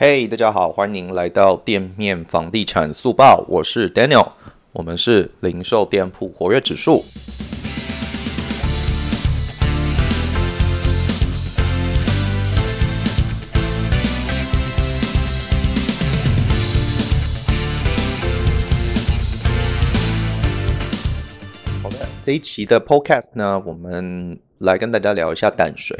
嘿、hey，大家好，歡迎來到店面房地產速報，我是 Daniel，我們是零售店鋪活躍指數。好的，這一期的 Podcast 呢，我們來跟大家聊一下淡水。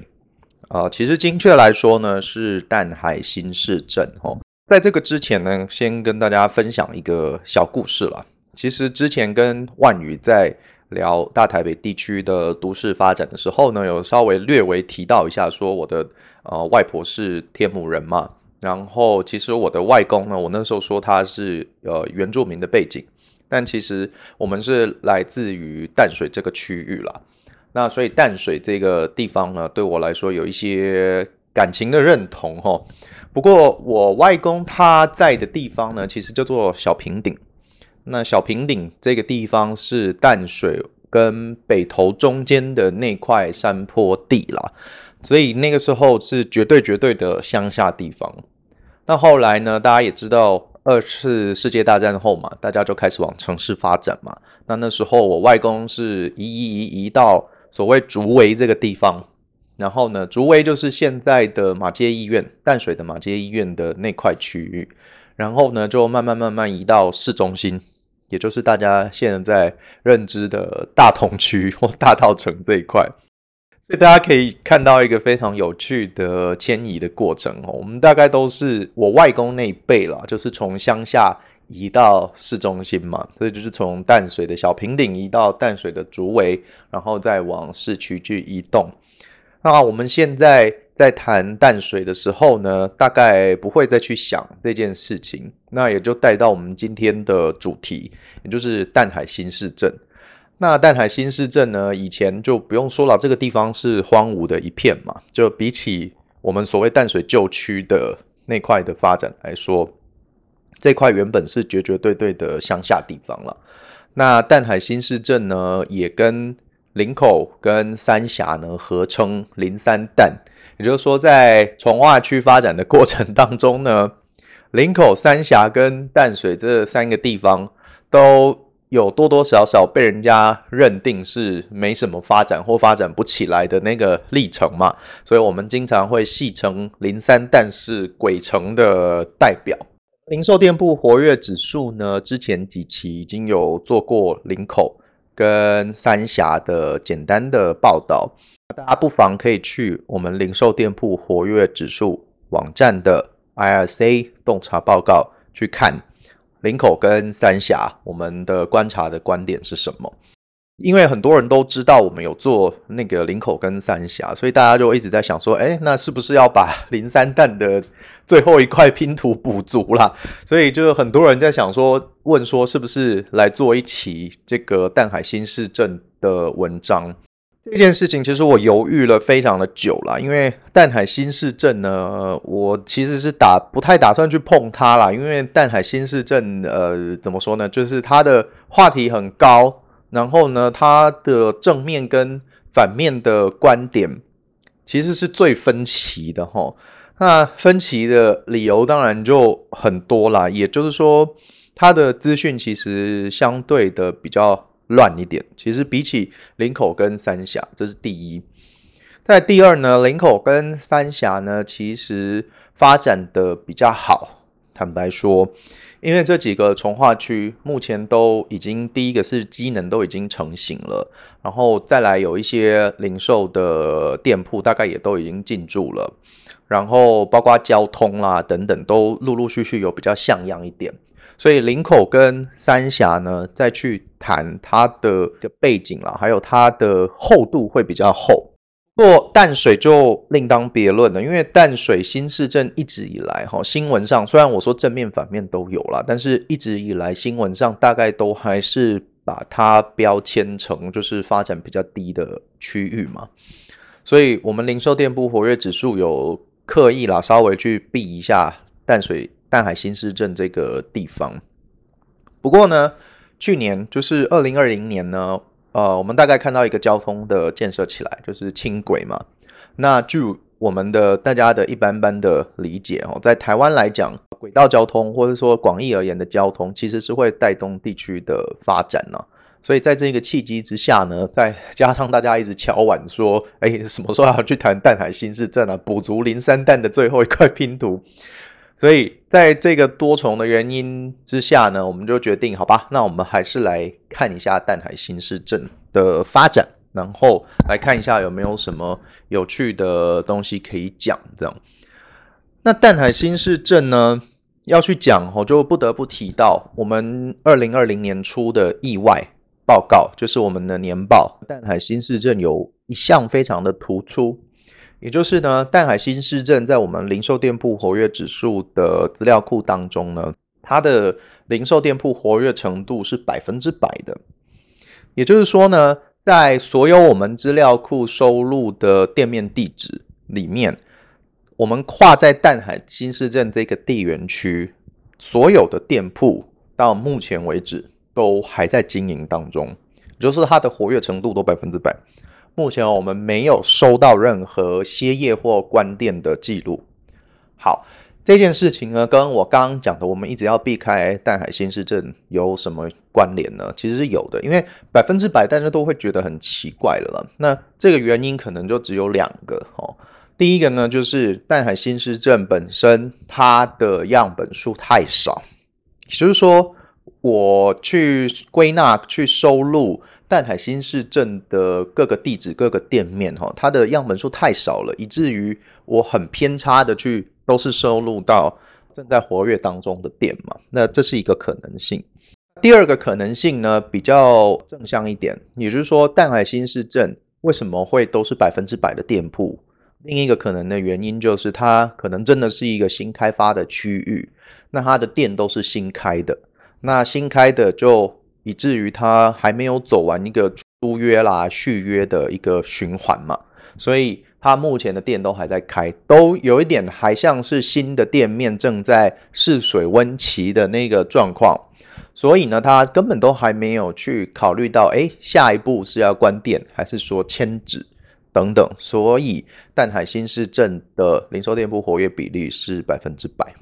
啊、呃，其實精確來說呢，是淡海新市鎮。哦，在這個之前呢，先跟大家分享一個小故事了。其實之前跟萬宇在聊大台北地區的都市發展的時候呢，有稍微略微提到一下，說我的呃外婆是天母人嘛，然後其實我的外公呢，我那時候說他是呃原住民的背景，但其實我們是來自於淡水這個區域啦。那所以淡水這個地方呢，對我來說有一些感情的認同吼。不過我外公他在的地方呢，其實叫做小平頂。那小平頂這個地方是淡水跟北投中間的那塊山坡地啦，所以那個時候是絕對絕對的鄉下地方。那後來呢，大家也知道，二次世界大戰後嘛，大家就開始往城市發展嘛。那那時候我外公是移移移移到。所謂竹圍這個地方，然後呢，竹圍就是現在的馬偕醫院，淡水的馬偕醫院的那塊區域，然後呢，就慢慢慢慢移到市中心，也就是大家現在認知的大同區或大稻埕這一塊，所以大家可以看到一個非常有趣的遷移的過程哦。我們大概都是我外公那一輩啦，就是從鄉下。移到市中心嘛，所以就是從淡水的小坪頂移到淡水的竹圍，然後再往市區去移動。那我們現在在談淡水的時候呢，大概不會再去想這件事情，那也就帶到我們今天的主題，也就是淡海新市鎮。那淡海新市鎮呢，以前就不用說了，這個地方是荒蕪的一片嘛，就比起我們所謂淡水舊區的那塊的發展來說。這塊原本是絕絕對對的鄉下地方了。那淡海新市鎮呢，也跟林口跟三峽呢合稱林三淡。也就是說，在重劃區發展的過程當中呢，林口、三峽跟淡水這三個地方都有多多少少被人家認定是沒什麼發展或發展不起來的那個歷程嘛。所以，我們經常會戲稱林三淡是鬼城的代表。零售店鋪活躍指數呢，之前幾期已經有做過林口跟三峽的簡單的報道大家不妨可以去我們零售店鋪活躍指數網站的 IRC 洞察報告去看林口跟三峽我們的觀察的觀點是什麼？因為很多人都知道我們有做那個林口跟三峽，所以大家就一直在想說，哎，那是不是要把林三淡的，最後一塊拼圖補足啦，所以就是很多人在想說，問說是不是來做一期這個淡海新市鎮的文章？這件事情其實我猶豫了非常的久啦，因為淡海新市鎮呢，我其實是打不太打算去碰它啦。因為淡海新市鎮呃，怎麼說呢？就是它的話題很高，然後呢，它的正面跟反面的觀點其實是最分歧的吼。那分歧的理由當然就很多啦，也就是說，它的資訊其實相對的比較亂一點。其實比起林口跟三峽，這是第一。在第二呢，林口跟三峽呢，其實發展的比較好。坦白說，因為這幾個重劃區目前都已經，第一個是機能都已經成型了，然後再來有一些零售的店鋪，大概也都已經進駐了。然後包括交通啦、啊、等等，都陸陸續續有比較像樣一點。所以林口跟三峽呢，再去談它的背景啦，還有它的厚度會比較厚。不過淡水就另當別論了，因為淡水新市鎮一直以來哈、哦，新聞上雖然我說正面反面都有啦，但是一直以來新聞上大概都還是把它標籤成就是發展比較低的區域嘛。所以我們零售店鋪活躍指數有。刻意啦，稍微去避一下淡水、淡海新市鎮這個地方。不過呢，去年就是二零二零年呢，呃，我們大概看到一個交通的建設起來，就是輕軌嘛。那據我們的大家的一般般的理解哦，在台灣來講，軌道交通或者說廣義而言的交通，其實是會帶動地區的發展呢、啊。所以，在這個契機之下呢，再加上大家一直敲碗說：“哎，什麼時候要去談淡海新市鎮啊？補足林三淡的最後一塊拼圖。”所以，在這個多重的原因之下呢，我們就決定，好吧，那我們還是來看一下淡海新市鎮的發展，然後來看一下有沒有什麼有趣的東西可以講。這樣，那淡海新市鎮呢，要去講哦，我就不得不提到我們二零二零年初的意外。報告就是我們的年報。淡海新市鎮有一項非常的突出，也就是呢，淡海新市鎮在我們零售店鋪活躍指數的資料庫當中呢，它的零售店鋪活躍程度是百分之百的。也就是說呢，在所有我們資料庫收錄的店面地址裡面，我們跨在淡海新市鎮這個地緣區所有的店鋪到目前為止，都還在經營當中，也就是它的活躍程度都百分之百。目前我們沒有收到任何歇業或關店的記錄。好，這件事情呢，跟我剛剛講的，我們一直要避開淡海新市鎮有什麼關聯呢？其實是有的，因為百分之百大家都會覺得很奇怪了。那這個原因可能就只有兩個哦。第一個呢，就是淡海新市鎮本身它的樣本數太少，也就是說。我去歸納去收錄淡海新市鎮的各個地址、各個店面，哈，它的樣本數太少了，以至於我很偏差的去都是收錄到正在活躍當中的店嘛。那這是一個可能性。第二個可能性呢，比較正向一點，也就是說淡海新市鎮為什麼會都是百分之百的店鋪？另一個可能的原因就是它可能真的是一個新開發的區域，那它的店都是新開的。那新開的就以至於它還沒有走完一個租約啦、續約的一個循環嘛，所以它目前的店都還在開，都有一點還像是新的店面正在試水溫期的那個狀況，所以呢，它根本都還沒有去考慮到，哎、欸，下一步是要關店還是說遷址等等，所以淡海新市鎮的零售店鋪活躍比例是百分之百，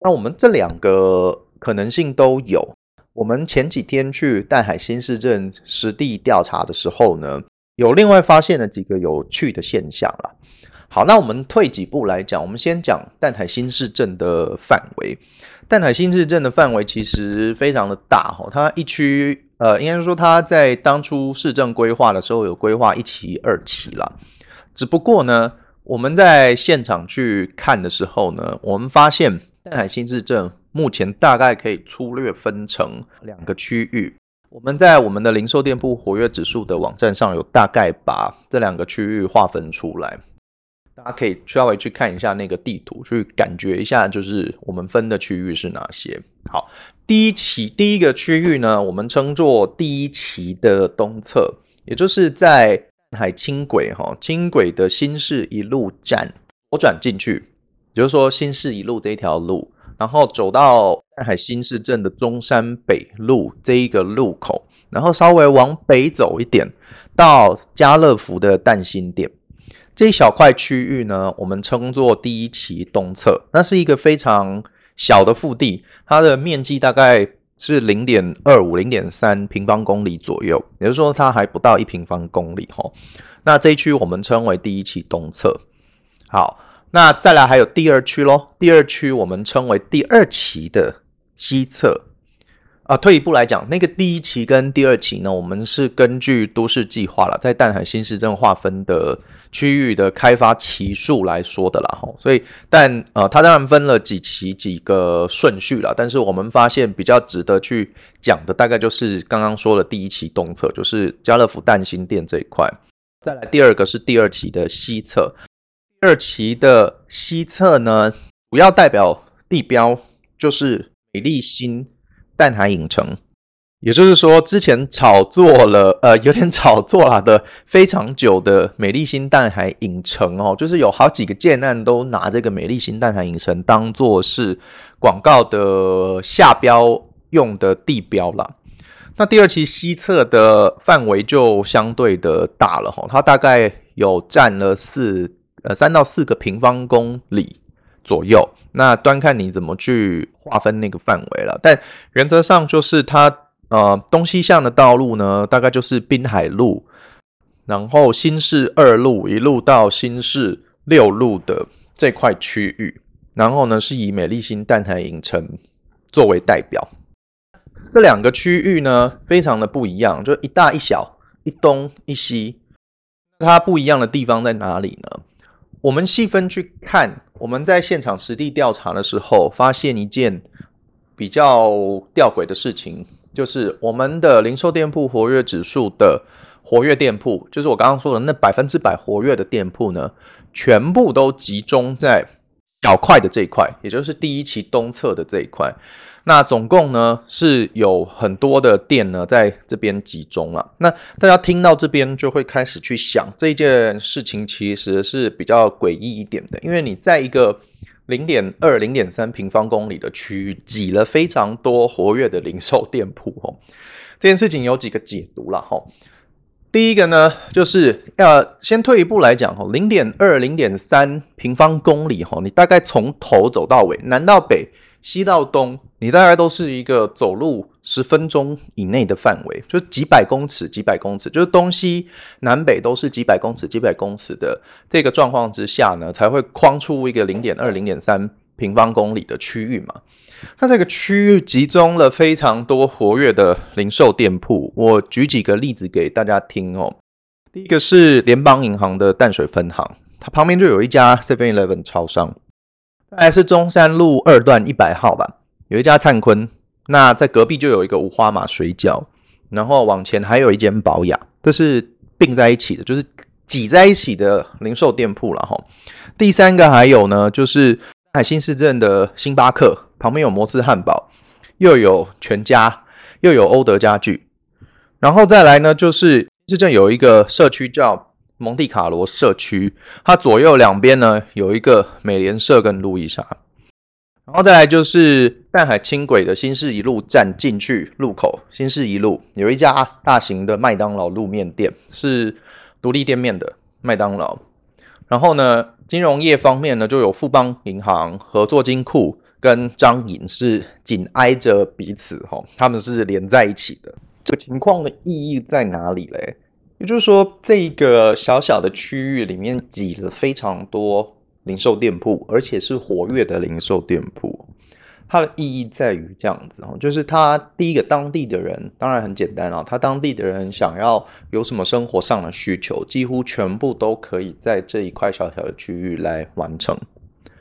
那我們這兩個。可能性都有。我們前幾天去淡海新市鎮實地調查的時候呢，有另外發現了幾個有趣的現象啦。好，那我們退幾步來講，我們先講淡海新市鎮的範圍。淡海新市鎮的範圍其實非常的大哈，它一區呃，應該說它在當初市政規劃的時候有規劃一期二期啦。只不過呢，我們在現場去看的時候呢，我們發現。淡海新市鎮目前大概可以粗略分成兩個區域。我們在我們的零售店鋪活躍指數的網站上有大概把這兩個區域劃分出來，大家可以稍微去看一下那個地圖，去感覺一下，就是我們分的區域是哪些。好，第一期第一個區域呢，我們稱作第一期的東側，也就是在淡海輕軌哈輕軌的新市一路站左轉進去。就是說新市一路這一條路，然後走到淡海新市鎮的中山北路這一個路口，然後稍微往北走一點，到家樂福的淡新店這一小塊區域呢，我們稱作第一期東側，那是一個非常小的腹地，它的面積大概是零點二五、零點三平方公里左右，也就是說它還不到一平方公里吼。那這一區我們稱為第一期東側，好。那再來還有第二區咯，第二區我們稱為第二期的西側。啊、呃，退一步來講，那個第一期跟第二期呢，我們是根據都市計劃啦，在淡海新市鎮劃分的區域的開發期數來說的啦。吼，所以但呃，它當然分了幾期幾個順序啦。但是我們發現比較值得去講的，大概就是剛剛說的第一期東側，就是家樂福淡新店這一塊。再來第二個是第二期的西側。二期的西側呢，主要代表地標就是美麗新淡海影城，也就是說之前炒作了，呃，有點炒作啦的非常久的美麗新淡海影城哦，就是有好幾個建案都拿這個美麗新淡海影城當做是廣告的下標用的地標啦。那第二期西側的範圍就相對的大了哈、哦，它大概有占了四。呃，三到四個平方公里左右，那端看你怎麼去劃分那個範圍了。但原則上就是它呃東西向的道路呢，大概就是濱海路，然後新市二路一路到新市六路的這塊區域，然後呢是以美麗新淡海影城作為代表。這兩個區域呢，非常的不一樣，就一大一小，一東一西。它不一樣的地方在哪裡呢？我們細分去看，我們在現場實地調查的時候，發現一件比較弔詭的事情，就是我們的零售店鋪活躍指數的活躍店鋪，就是我剛剛說的那百分之百活躍的店鋪呢，全部都集中在小塊的這一塊，也就是第一期東側的這一塊。那總共呢是有很多的店呢，在這邊集中了。那大家聽到這邊就會開始去想，這件事情其實是比較詭異一點的，因為你在一個零點二、零點三平方公里的區域擠了非常多活躍的零售店鋪。吼，這件事情有幾個解讀啦。吼，第一個呢就是要、呃、先退一步來講。吼，零點二、零點三平方公里。吼，你大概從頭走到尾，南到北，西到東。你大概都是一個走路十分鐘以內的範圍，就幾百公尺，幾百公尺，就是東西南北都是幾百公尺，幾百公尺的這個狀況之下呢，才會框出一個零點二、零點三平方公里的區域嘛。它這個區域集中了非常多活躍的零售店鋪，我舉幾個例子給大家聽哦。第一個是聯邦銀行的淡水分行，它旁邊就有一家 Seven Eleven 超商，大概是中山路二段一百號吧。有一家燦坤，那在隔壁就有一個五花馬水餃，然後往前還有一間寶雅，這是併在一起的，就是擠在一起的零售店鋪了哈。第三個還有呢，就是海新市鎮的星巴克旁邊有摩斯漢堡，又有全家，又有歐德家具，然後再來呢，就是市鎮有一個社區叫蒙蒂卡羅社區，它左右兩邊呢，有一個美廉社跟路易莎。然後再來就是淡海輕軌的新市一路站進去路口，新市一路有一家大型的麥當勞路面店，是獨立店面的麥當勞。然後呢，金融業方面呢，就有富邦銀行、合作金庫跟彰銀是緊挨着彼此，哈，他們是連在一起的。這個情況的意義在哪裡嘞？也就是說，這一個小小的區域裡面擠了非常多。零售店鋪，而且是活躍的零售店鋪，它的意義在於這樣子，就是它第一個，當地的人當然很簡單了，啊，他當地的人想要有什麼生活上的需求，幾乎全部都可以在這一塊小小的區域來完成，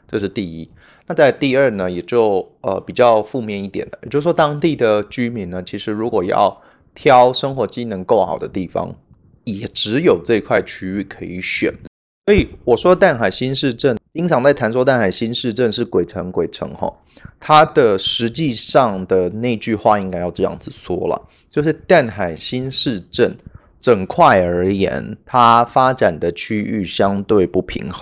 這是第一。那在第二呢，也就，呃，比較負面一點的，也就是說當地的居民呢，其實如果要挑生活機能夠好的地方，也只有這塊區域可以選。所以我說淡海新市鎮，經常在談說淡海新市鎮是鬼城鬼城哈、哦，它的實際上的那句話應該要這樣子說了，就是淡海新市鎮整塊而言，它發展的區域相對不平衡，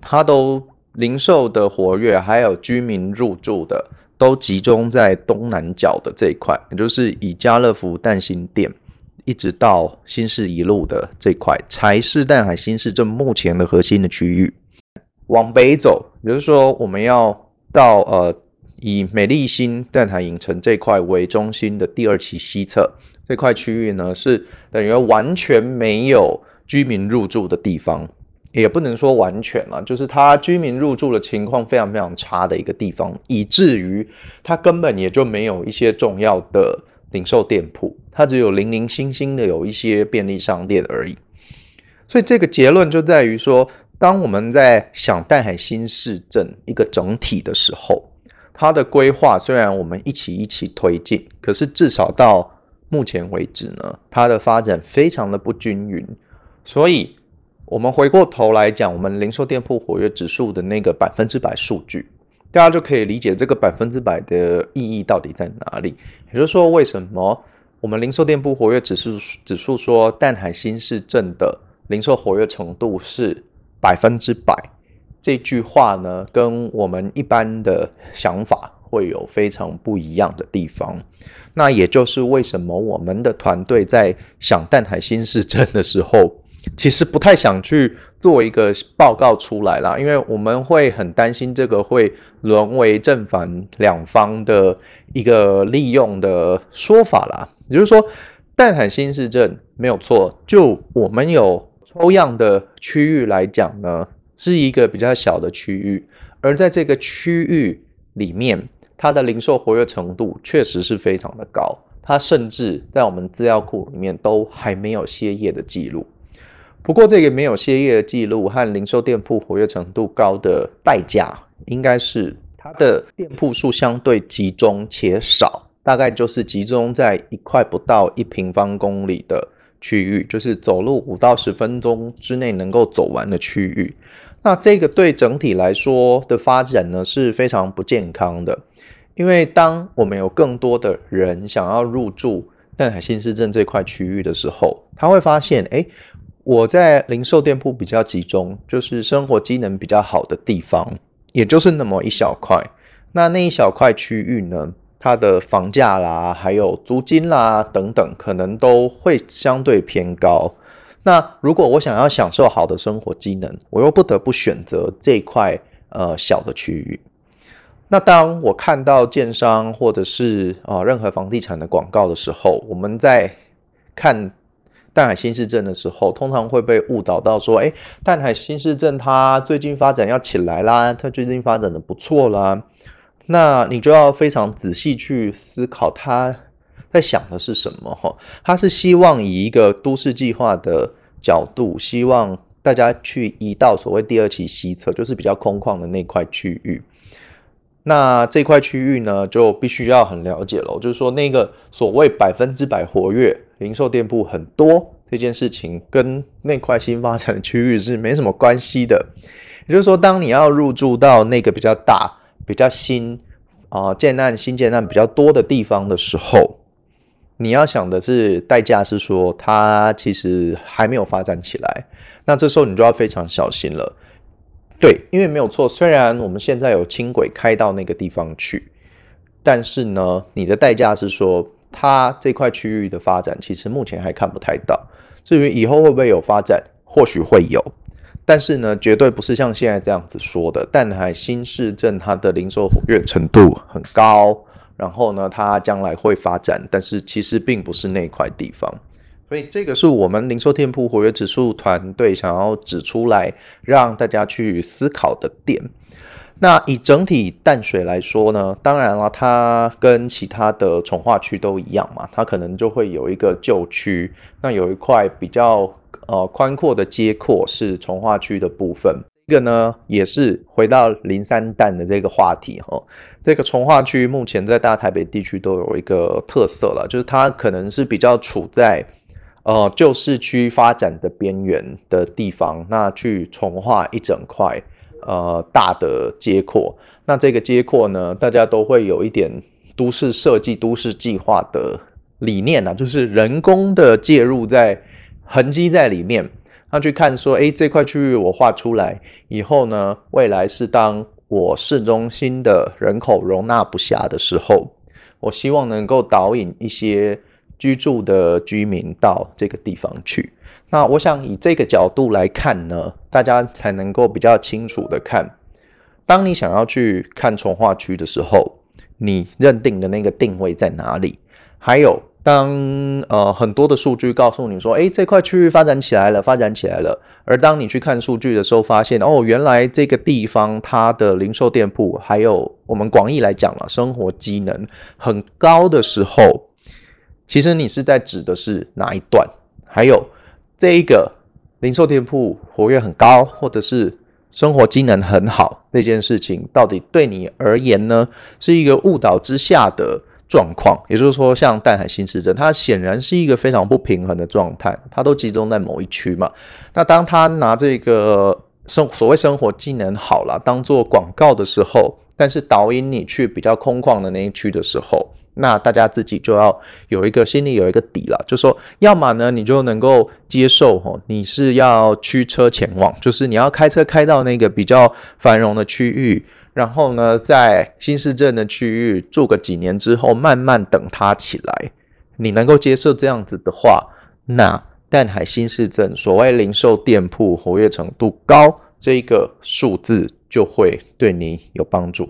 它都零售的活躍，還有居民入住的都集中在東南角的這一塊，也就是以家樂福淡新店，一直到新市一路的這塊才是淡海新市鎮目前的核心的區域。往北走，也就是說，我們要到呃以美麗新淡海影城這塊為中心的第二期西側這塊區域呢，是等於完全沒有居民入住的地方，也不能說完全了，就是它居民入住的情況非常非常差的一個地方，以至於它根本也就沒有一些重要的。零售店鋪，它只有零零星星的有一些便利商店而已，所以這個結論就在於說，當我們在想淡海新市鎮一個整體的時候，它的規劃雖然我們一起一起推進，可是至少到目前為止呢，它的發展非常的不均勻。所以，我們回過頭來講，我們零售店鋪活躍指數的那個百分之百數據。大家就可以理解這個百分之百的意義到底在哪裡。也就是說，為什麼我們零售店鋪活躍指數指數說淡海新市鎮的零售活躍程度是百分之百？這句話呢，跟我們一般的想法會有非常不一樣的地方。那也就是為什麼我們的團隊在想淡海新市鎮的時候，其實不太想去。做一個報告出來啦，因為我們會很擔心這個會淪為正反兩方的一個利用的說法啦。也就是說，淡海新市鎮沒有錯，就我們有抽樣的區域來講呢，是一個比較小的區域，而在這個區域裡面，它的零售活躍程度確實是非常的高，它甚至在我們資料庫裡面都還沒有歇業的記錄。不過，這個沒有歇業的記錄和零售店鋪活躍程度高的代價，應該是它的店鋪數相對集中且少，大概就是集中在一塊不到一平方公里的區域，就是走路五到十分鐘之內能夠走完的區域。那這個對整體來說的發展呢，是非常不健康的，因為當我們有更多的人想要入住淡海新市鎮這塊區域的時候，他會發現，誒。我在零售店鋪比較集中，就是生活機能比較好的地方，也就是那麼一小塊。那那一小塊區域呢，它的房價啦，還有租金啦等等，可能都會相對偏高。那如果我想要享受好的生活機能，我又不得不選擇這塊呃小的區域。那當我看到建商或者是啊、呃、任何房地產的廣告的時候，我們在看。淡海新市鎮的時候，通常會被誤導到說：“哎，淡海新市鎮它最近發展要起來啦，它最近發展得不錯啦。”那你就要非常仔細去思考，它在想的是什麼？哈，它是希望以一個都市計劃的角度，希望大家去移到所謂第二期西側，就是比較空曠的那塊區域。那這塊區域呢，就必須要很了解了，就是說那個所謂百分之百活躍。零售店鋪很多，這件事情跟那塊新發展的區域是沒什麼關係的。也就是說，當你要入駐到那個比較大、比較新啊建案、新建案比較多的地方的時候，你要想的是代價是說，它其實還沒有發展起來。那這時候你就要非常小心了。對，因為沒有錯，雖然我們現在有輕軌開到那個地方去，但是呢，你的代價是說，它這塊區域的發展，其實目前還看不太到。至於以後會不會有發展，或許會有，但是呢，絕對不是像現在這樣子說的。淡海新市鎮它的零售活躍程度很高，然後呢，它將來會發展，但是其實並不是那塊地方。所以這個是我們零售店鋪活躍指數團隊想要指出來，讓大家去思考的點。那以整體淡水來說呢，當然了、啊，它跟其他的重劃區都一樣嘛，它可能就會有一個舊區，那有一塊比較呃寬闊的街廓是重劃區的部分。這個呢，也是回到林三淡的這個話題哈。這個重劃區目前在大台北地區都有一個特色了，就是它可能是比較處在呃舊市區發展的邊緣的地方，那去重劃一整塊。呃，大的街廓，那這個街廓呢，大家都會有一點都市設計、都市計劃的理念吶、啊，就是人工的介入在痕跡在裡面。那去看說，誒，這塊區域我畫出來以後呢，未來是當我市中心的人口容納不下的時候，我希望能夠導引一些居住的居民到這個地方去。那我想以這個角度來看呢，大家才能夠比較清楚的看，當你想要去看重劃區的時候，你認定的那個定位在哪裡？還有當呃很多的數據告訴你說，哎，這塊區域發展起來了，發展起來了。而當你去看數據的時候，發現哦，原來這個地方它的零售店鋪，還有我們廣義來講啦，生活機能很高的時候，其實你是在指的是哪一段？還有，這一個零售店鋪活躍很高，或者是生活機能很好那件事情，到底對你而言呢，是一個誤導之下的狀況。也就是說，像淡海新市鎮，它顯然是一個非常不平衡的狀態，它都集中在某一區嘛。那當他拿這個生所謂生活機能好了當做廣告的時候，但是導引你去比較空曠的那一區的時候。那大家自己就要有一個，心裡有一個底了，就說要麼呢，你就能夠接受，哦，吼，你是要驅車前往，就是你要開車開到那個比較繁榮的區域，然後呢，在新市鎮的區域住個幾年之後，慢慢等它起來。你能夠接受這樣子的話，那淡海新市鎮所謂零售店鋪活躍程度高這一個數字就會對你有幫助。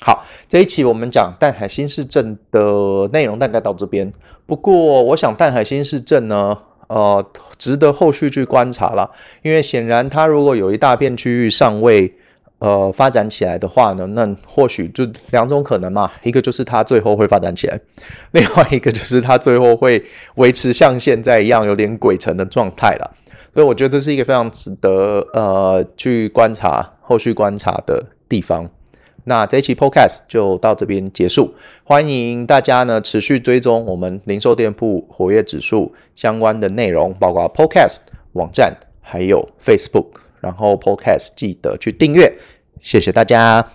好，這一期我們講淡海新市鎮的內容大概到這邊。不過，我想淡海新市鎮呢，呃，值得後續去觀察啦，因為顯然，它如果有一大片區域尚未呃發展起來的話呢，那或許就兩種可能嘛：一個就是它最後會發展起來；另外一個就是它最後會維持像現在一樣有點鬼城的狀態啦。所以，我覺得這是一個非常值得呃去觀察、後續觀察的地方。那這一期 Podcast 就到這邊結束，歡迎大家呢持續追蹤我們零售店鋪活躍指數相關的內容，包括 Podcast、網站、還有 Facebook，然後 Podcast 記得去訂閱，謝謝大家。